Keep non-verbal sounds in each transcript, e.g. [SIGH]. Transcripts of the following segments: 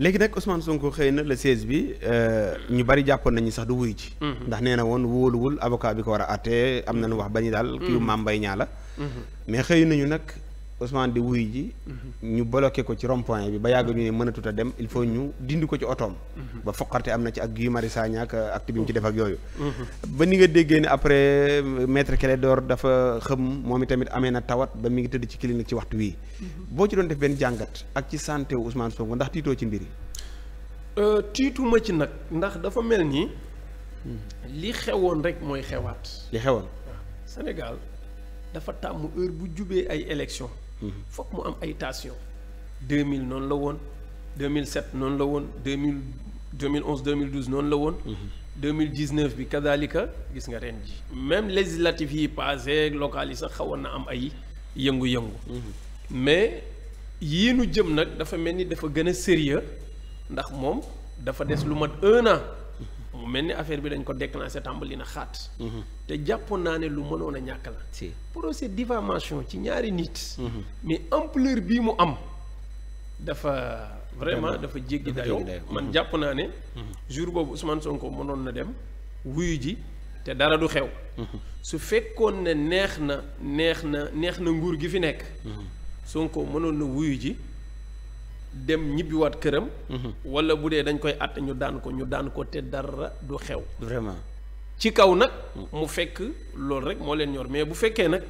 léegi nag Ousmane Sonko xëy na le 16 bi euh, ñu bari jàppoon nañu sax du wuy ji. Mm-hmm. ndax nee na woon wóoluwul avocat bi ko war a àtte am nañu wax ba ñu daal. kii mm-hmm. maam Mbaye ñaa la. Mm-hmm. mais xëy nañu nag. Ousmane di wuyu ji. ñu bloqué ko ci rond point bi ba yàgg ñu ne mënatut a dem il faut ñu dindi ko ci otoom. ba foqarte am na ci ak Guy Marius Sagna ak euh, acte bi mu ci def ak yooyu. ba ni nga déggee ne après euh, maître Clédor dafa xëm moom itamit amee na tawat ba mi ngi tëdd ci clinique ci waxtu wii. boo ci doon def benn jàngat ak ci santé wu Ousmane Sonko ndax tiitoo ci mbir yi. Euh, tiituma ci nag ndax dafa mel nii li xewoon rek mooy xewaat. li xewoon. Sénégal dafa tàmm heure bu jubee ay élection foog mu am ay tension 2000 noonu la woon 2007 noonu la woon 2000 2011 2012 noonu la woon 2019 mhm. bi kadalika gis nga reen ji même législative yi passé local yi sax xawoon na am ay yëngu-yëngu mhm. mais yii nu jëm nag dafa mel ni dafa gën a sérieux ndax moom dafa des lu mat un an mel ni affaire bi dañ ko déclenché tàmbali na xaat. Mhm. te jàpp naa ne lu mënoon a ñàkk la. si procès diffamation ci ñaari nit. Mhm. mais ampleur bii mu am dafa. vraiment dafa jéggi dayoo man mhm. jàpp naa ne. jour boobu Ousmane Sonko mënoon na dem wuyu ji te dara du xew. su fekkoon ne neex na neex na neex na nguur gi fi nekk. Sonko mënoon na wuyu ji. dem ñibbiwaat këram. Mhm. wala bu dee dañ koy àtte ñu daan ko ñu daan ko te dara du xew. vraiment ci kaw nag. Mm. mu fekk loolu rek moo leen ñor mais bu fekkee nag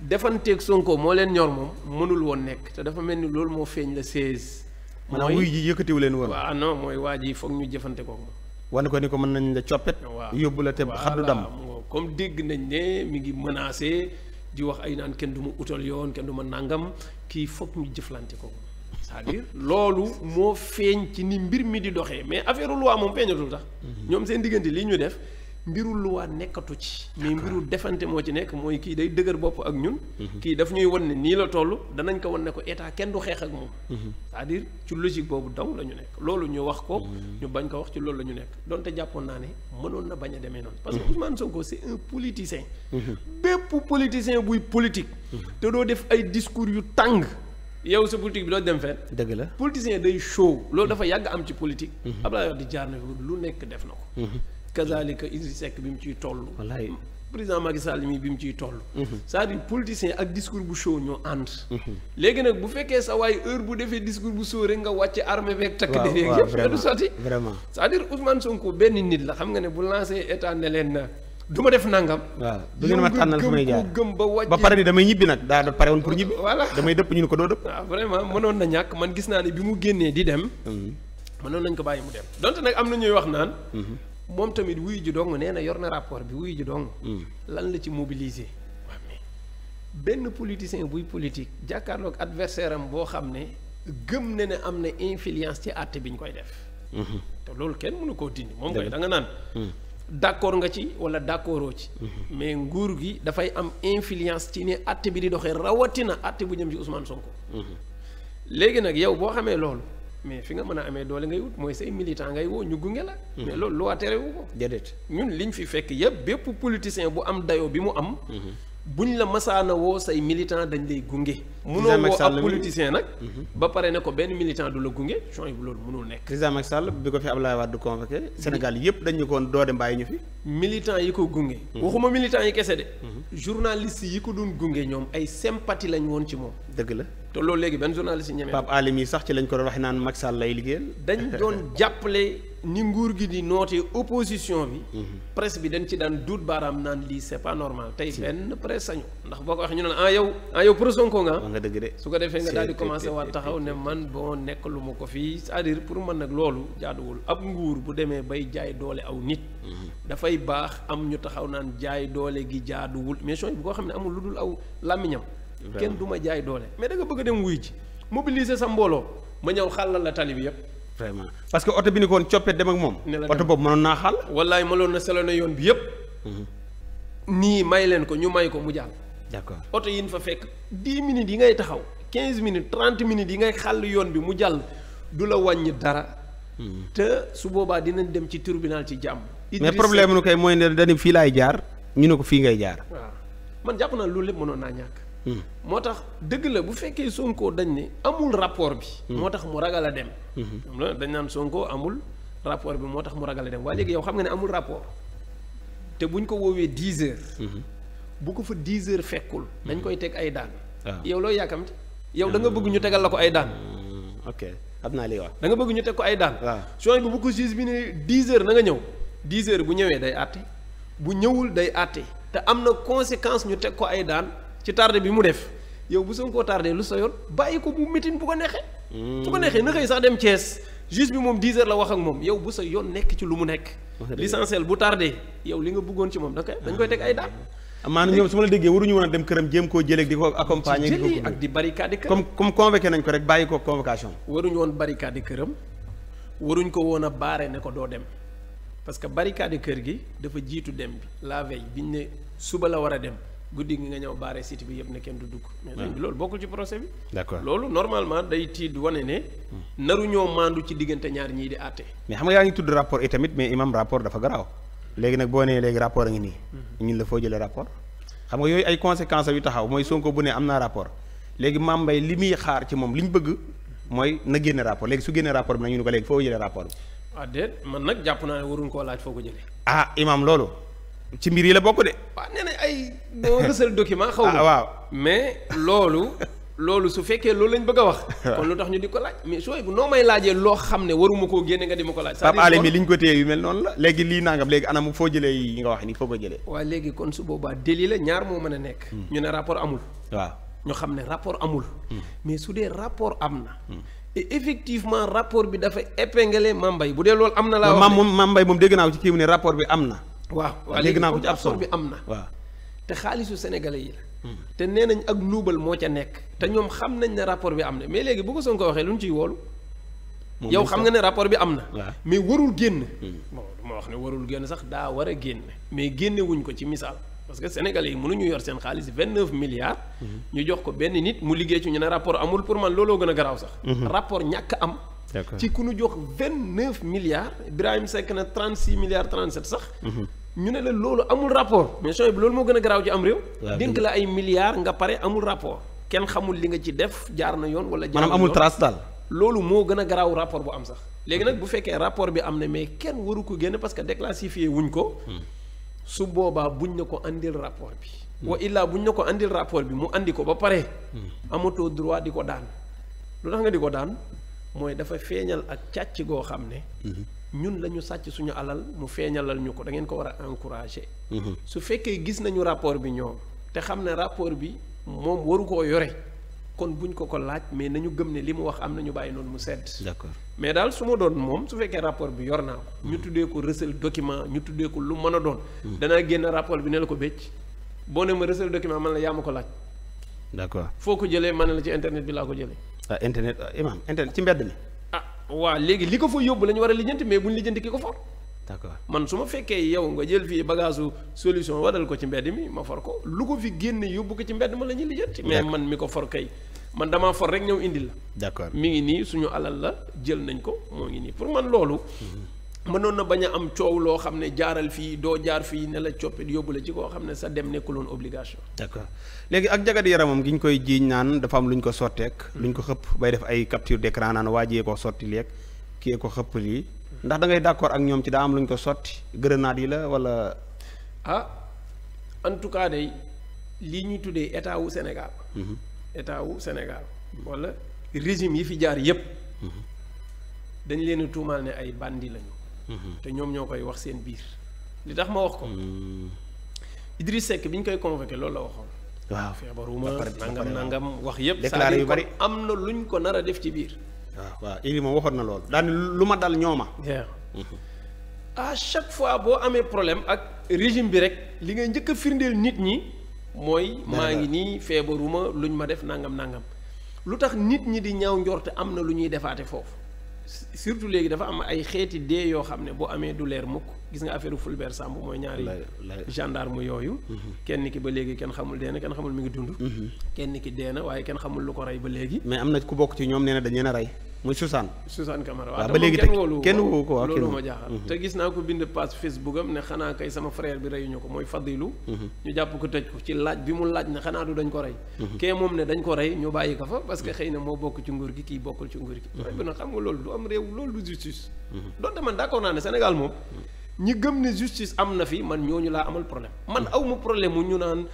defanteeg Sonko moo leen ñor moom mënul woon nekk te dafa mel ni loolu moo feeñ la seize. maanaam wuy ji yëkkatiwu leen woon. waaw non mooy waa ji foog ñu jëfante ko. wane ko ni ko mën nañ la coppet. waaw yóbbu la te xaddu dam comme dégg nañ ne mu ngi menacé di wax ay naan kenn du ma utal yoon kenn du ma nàngam kii foog jëflante ko. cest à loolu moo feeñ ci ni mbir mi di doxee mais affaire loi moom feeñatul sax. Mhm. ñoom seen diggante lii ñu def mbiru loi nekkatu ci. mais mbiru defante moo ci nekk mooy kii day dëgër bopp ak ñun. Mhm. kii daf ñuy wan ne nii la toll danañ ko wan ne ko état kenn du xeex ak moom. Mhm. c'est-à-dire ci logique boobu daw la ñu nekk loolu ñu wax ko. ñu bañ ko wax ci loolu la ñu nekk donte jàppoon naa ne mënoon na bañ a demee noonu. parce que Ousmane Sonko c'est un politicien. bépp politicien buy politique. te doo def ay discours yu tàng. yow sa politique bi doo dem fenn. dëgg la politicien day show loolu dafa yàgg am ci politique. Mhm. Abdoulaye Wade jaar na fi lu nekk def na ko. Mhm. kazaalika Idriss Seck bi mu ciy toll. wallaay président Macky Sall mi bi mu ciy toll. Mhm. c'est-à-dire politicien ak discours bu show ñoo ànd. léegi nag bu fekkee sa waay heure bu defee discours bu show rek nga wàcce armée beeg. takk der yëpp du sotti. vraiment cest à Sonko benn nit la xam nga ne bu lancé état ne leen na. du ma def nangam. waaw du ngeen ma tànnal fu may jaar gëm ba ba pare ni damay ñibbi nag daa pare woon pour ñibbi. voilà damay dëpp ñu ne ko doo dëpp. waaw ah, vraiment mënoon na ñàkk man gis naa ne bi mu di dem. Hmm. mënoon nañ ko bàyyi mu dem dont nag am na ñuy wax naan. Hmm. moom tamit wuyu ji dong nee na yor na rapport bi wuyu ji dong. Hmm. lan la ci mobiliser. waaw benn politicien buy politique jàkkaarloog adversaire am boo xam ne gëm na ne am na influence ci àtte bi ñu koy def. te loolu kenn mënu koo dindi moom koy da nga naan. d'accord nga ci wala d'accordoo ci. Mhm. mais nguur gi dafay am influence ci ne àtte bi di doxee rawatina àtte bu jëm ci Ousmane Sonko. Mhm. léegi nag yow boo xamee loolu. mais fi nga mën a amee doole ngay wut mooy say militant ngay woo ñu gunge la. Mhm. mais loolu lu waa terewu ko. déedéet ñun liñ fi fekk yëpp bépp politicien bu am dayoo bi mu am. bu ñu la masaana woo say militant dañ lay gunge. munoo woo ab politicien nag. Mhm. ba pare ne ko benn militant du la gunge changement bi loolu mënul nekk. président Macky Sall bi ko fi Abdoulaye Wade convoqué. Sénégal yëpp dañ ñu ko woon doode mbàyyi ñu fi. militant yi ko gunge. Mhm. waxuma militant yi kese de. Mhm. journaliste yi ko doon gunge ñoom ay sympathie lañ woon ci moom. dëgg la. te loolu léegi benn journaliste ñeme Pape Alé mi sax ci lañ ko doon wax naan Macky Sall lay liggéeyal. dañ [LAUGHS] doon jàppale ni nguur gi di noote opposition bi. Mhm. presse bi dañ ci daan duut baaraam naan lii c'est pas normal tey benn presse sañu ndax boo ko waxee ñu ne ah yow ah yow pro Sonko nga nga su ko defee nga daal di commencé waat taxaw ne man boo nekk lu ma ko fii c'est-à-dire pour man nag loolu jaaduwul ab nguur bu demee bay jaay doole aw nit. Mhm. dafay baax am ñu taxaw naan jaay doole gi jaaduwul mais bu xam ne amul lu dul aw làmmiñam kenn du ma jaay doole mais da nga bëgg a dem wuy ji mobiliser sa mbooloo ma ñëw xàllal la tali bi yëpp vraiment parce que oto bi ni ko woon coppee dem ak moom oto boobu mënoon naa xàll wallaay mënoon na selo na yoon bi yëpp mhm. nii may leen ko ñu may ko mu jàll d'accord oto yin fa fekk dix minutes yi ngay taxaw quinze minutes trente minutes yi ngay xàll yoon bi mu jàll du la wàññi dara mhm. te su boobaa dinañ dem ci tribunal ci jàmm mais problème nu koy mooy ne dañu fii laay jaar ñu ne ko fii ngay jaar waaw man jàpp naa loolu lépp ñàkk moo tax dëgg la bu fekkee Sonko dañ ne amul rapport bi. Hmm. moo tax mu ragal a dem. xam hmm. nga hmm. dañ naan Sonko amul rapport bi moo tax mu ragal a dem waaye léegi yow xam nga ne amul rapport te buñ ko woowee dix heures. bu ko fa dix heures fekkul. dañ koy teg ay daan. Ah. yow looy yàkkamte yow danga bëgg ñu tegal ko ay daan. ok xam naa li wax da nga bëgg ñu teg ko ay daan. waaw ah. sooy bu ko juge bi ne dix heures na nga ñëw dix heures bu ñëwee day àtte bu ñëwul day àtte te am na conséquence ñu teg ko ay daan. ci tardé bi mu def yow bu koo tardé lu sa yoon bàyyi ko bu mitin bu ko neexee. su ko neexee na xëy sax dem Thiès juste bi moom 10 heures la wax ak moom yow bu sa yoon nekk ci lu mu nekk. l'essentiel bu tardé yow li nga bëggoon ci moom da dañ koy teg ay daan. maanaam ñoom su ma la waruñu woon dem këram jéem koo jëlee di ko accompagner. di ko jëlee ak di barricade këram comme nañ ko rek bàyyi ko convocation. waruñu woon barricade këram waruñ ko woon a baare ne ko doo dem parce que barricade kër gi dafa jiitu dem bi la bi ñu ne suba la war a dem guddi gi nga ñëw baare site bi yëpp ne kenn du dugg. mais sëñ bi loolu bokkul ci procès bi. d'accord loolu normalement day tiid wane ne. naru ñoo maandu ci diggante ñaar ñii di àtte. mais xam nga yaa ngi tudd rapport yi tamit mais imam rapport dafa garaaw. léegi nag boo nee léegi rapport a ngi nii. Mhm. ñun la foo jëlee rapport. xam nga yooyu ay conséquences yu taxaw mooy Sonko bu ne am naa rapport léegi Mame Mbaye li muy xaar ci moom li ñu bëgg mooy na génne rapport léegi su génne rapport bi nag ñu ne ko ah, jàpp naa ne waruñ koo laaj foo ko jëlee. Ah, ci mbir yi la bokk de. waaw nee nañ ay boo rësal document. xaw ma ah, waaw mais loolu. loolu su fekkee loolu lañ bëgg a wax. [LAUGHS] kon lu tax ñu di ko laaj mais sooy bu noo loo xam ne waruma koo génne nga di ko laaj. Pape Alé mi li ñu ko téye yu mel noonu la. léegi lii nangam léegi anam foo jëlee yi nga wax ni foo ko jëlee. waa léegi kon su boobaa déli la ñaar moo mën a nekk. Hmm. ñu ne rapport amul. waa ñu xam ne rapport amul. Hmm. mais su dee rapport am na. Hmm. et effectivement rapport bi dafa épinglé Mame Mbaye bu dee loolu am na. laa wax ne Mame Mbaye moom dégg naa ci kii mu ne rapport bi am na. waaw waa léegi naa ko ci absor bi am na waaw te xaalisu sénégalais yi la hmm. te nee nañ ak nuubal moo ca nekk te ñoom xam nañ ne rapport bi am na mais léegi bu ko Sonko waxee lu ñu ciy woolu yow xam nga ne rapport bi am na mais warul génn hmm. bon duma wax ne warul génn sax daa war a génn mais génne ko ci misaal parce que sénégalais yi mënuñu yor seen xaalis vingt neuf milliards hmm. ñu jox ko benn nit mu liggéey ci ñu ne rapport amul pour man looloo gën a garaaw sax rapport ñàkk am ci ku nu jox vingt neuf milliards Birahim sekk na trente six milliards trente sept sax. ñu ne la loolu amul rapport mais sooy bi loolu moo gën a garaaw ci am réew. dénk la ay milliards nga pare amul rapport. kenn xamul li nga ci def jaar na yoon wala. jaar maanaam amul trace daal. loolu moo gën a garaaw rapport bu am sax. léegi nag bu fekkee rapport bi am na mais kenn waru ko génn parce que déclassifié wuñ ko. Hmm. su boobaa buñ na ko andil rapport bi. Hmm. wa illaa buñ na ko andil rapport bi mu andi ko ba pare. Hmm. amatoo droit di ko daan. lu nga di ko daan mooy dafa feeñal ak càcc goo xam ne mhm. ñun la ñu sàcc suñu alal mu feeñalal ñu ko da ngeen ko war a encourager mhm. su fekkee gis nañu rapport bi ñoom te xam ne rapport bi moom waru koo yore kon buñ ko ko laaj mais nañu gëm ne li mu wax am na ñu bàyyi noonu mu sedd d'accord mais daal su ma doon moom su fekkee rapport bi yor naa ko ñu mhm. tuddee ko recel document ñu tuddee ko lu mën a doon danaa génn rapport bi ne la ko bécc boo ne ma recel document man la yaa ma ko laaj d'accord foo ko jëlee man la ci internet bi laa ko jëlee Euh, internet euh, imam internet ci mbedd mi. ah waa léegi li ko fa yóbbu lañu war a lijjanti mais buñ lijjanti ki ko for. d'accord man su ma fekkee yow nga jël fii bagage solution waral ko ci mbedd mi ma for ko lu ko fi génne yóbbu ko ci mbedd ma la ñuy lijjanti. mais man mi ko for kay man damaa for rek ñëw indi la. d'accord mi ngi nii suñu alal la jël nañ ko moo ngi nii pour man loolu. Mhm. mënoon na bañ a am coow loo xam ne jaaral fii doo jaar fii ne la coppit yóbbu la ci koo xam ne sa dem nekkuloon obligation. d'accord léegi ak jagat yaramam gi ñu koy jiiñ naan dafa am lu ñu ko sotteek. lu ñu ko xëpp bay def ay capture d'écran naan waajee sotti leeg kii ko xëpp lii. ndax da ngay d'accord ak ñoom ci daa am lu ñu ko sotti grenade yi la wala. ah en tout cas day lii ñuy tuddee état wu senegal mhm. état wu Sénégal. walla régime yi fi jaar yépp mhm. dañ leen tuumaal ne ay bandi lañu. Mhm. te ñoom ñoo koy wax seen biir li tax ma wax ko mhm. Idriss Seck bi ñu koy convoqué loolu la waxoon waaw feebaruma nangam nangam wax yépp déclaré yu bari am na luñ ko nar a def ci biir waaw waaw Idi waxoon na loolu daani lu ma dal ñooma mhm. à chaque fois boo amee problème ak régime bi rek li ngay njëkk a firndeel nit ñi mooy maa ngi nii feebaruma lu luñ ma def nangam nangam lu tax nit ñi di ñaw njorte am na lu ñuy defaate foofu surtout léegi dafa am ay xeeti dee yoo xam ne boo amee du leer mukk gis nga affaire Fulbert Sambou mooy ñaari gendarme yooyu mhm. kenn ki ba léegi kenn xamul dee na kenn xamul mi ngi dund mhm. kenn ki dee na waaye kenn xamul lu ko rey ba léegi mais am na ku bokk ci ñoom nee na dañ leen rey muy Susan. Susan Camara waaw ba léegi te kenn woowu ko loolu ma jaaxal mhm. te gis naa ko bind page Facebook ne xanaa kay sama frère bi reyuñu ko mooy Fadilu mhm. ñu jàpp ko tëj ko ci laaj bi mu laaj ne xanaa du dañ ko rey mhm. kee moom ne dañ ko rey ñu bàyyi ko fa parce que xëy na moo bokk ci nguur gi kii bokkul ci nguur gi waaye bi nag xam nga loolu du am réew loolu du justice donte man d'accord naa ne Sénégal moom ñi gëm ne justice am na fi man ñooñu laa amal problème man aw ma problème mu ñu naan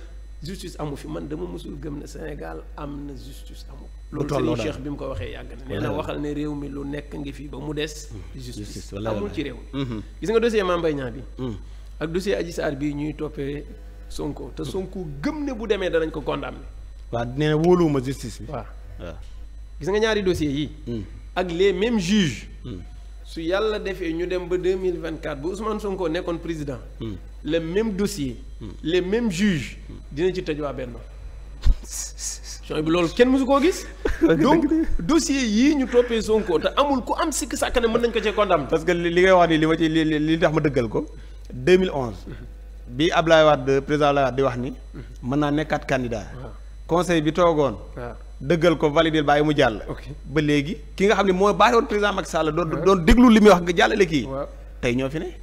justice amu fi man dama mosul gëm ne Sénégal am na justice amu loolu sëriñ Cheikh bi mu ko waxee yàgg na nee waxal ne réew mi lu nekk ngi fi ba mu des hmm. justice amul ci réew mi hmm. gis nga dossier Mame Mbaye Niang bi hmm. ak dossier Adji Sarr ñuy toppee Sonko te Sonko gëm ne bu demee danañ ko condamné waaw nee na wóoluwuma justice bi waaw waaw gis nga ñaari dossier yi ak les mêmes juges su yàlla defee ñu dem ba deux mille vingt quatre bu Ousmane Sonko nekkoon président. Hmm. le même dossier. Hmm. les mêmes juges. Hmm. dina ci tëj waa benn. sooy bi loolu kenn mësu koo gis. [LAUGHS] donc dossier yi ñu toppee Sonko te amul ku am sikk sàkk ne mën nañ ko cee condamné. parce que li ngay wax nii li ma ci li li tax ma dëggal ko. 2011. bi Ablaye Wade président Ablaye Wade di wax ni. mën naa nekkaat candidat. Ah. conseil bi toogoon. Ah. dëggal ko validé bàyyi mu jàll. ba léegi ki nga xam ne moo baaxee woon président Macky Sall doon doon déglu li muy wax nga jàllale kii. tey ñoo fi ne.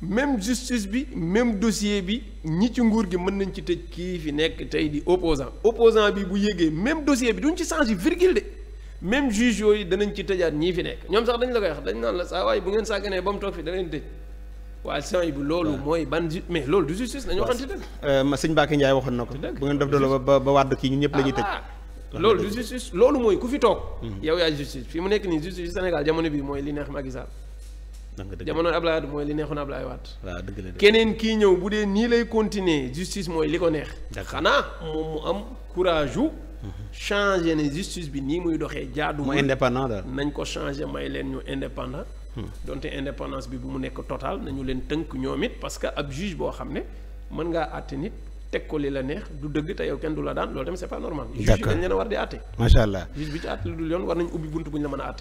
même justice bi même dossier bi ñi ci nguur gi mën nañ ci tëj kii fi nekk tey di opposant opposant bi bu yéegee même dossier bi duñ ci changé virgule de même juge yooyu danañ ci tëjaat ñii fi nekk ñoom sax dañ la koy wax dañ naan la saa waay bu ngeen sàgganee ba mu toog fi da leen tëj. waa sëñ bi loolu mooy ban ju mais loolu du justice nañu waxante dëgg. Euh, ma sëñ Mbacke Ndiaye waxoon na ko. bu ngeen def doole ba ba wàdd kii ñun ñëpp la tëj. Ah, loolu mooy ku fi toog. Mhm. yow yaay justice fi mu nekk nii justice Sénégal jamono bi mooy li neex Macky Sall. jamono Ablaye Wade mooy li neexoon Ablaye Wade. waaw dëgg keneen ki ñëw bu dee nii lay continuer justice mooy li ko neex. xanaa moom mu am courage yu. Mhm. changer ne justice bi nii muy doxee jaadu. mu indépendant nañ ko changer may leen ñu indépendant. donte indépendance bi bu mu nekk total nañu leen tënk ñoom it parce que ab juge boo xam ne mën ngaa àtte nit teg ko li la neex du dëgg te yow kenn du la daan loolu tamit c'est pas normal. juge dañ leen a war di àtte. macha allah juge bi ci àtte lu dul yoon war nañu ubbi bunt bu ñu la mën a àtte.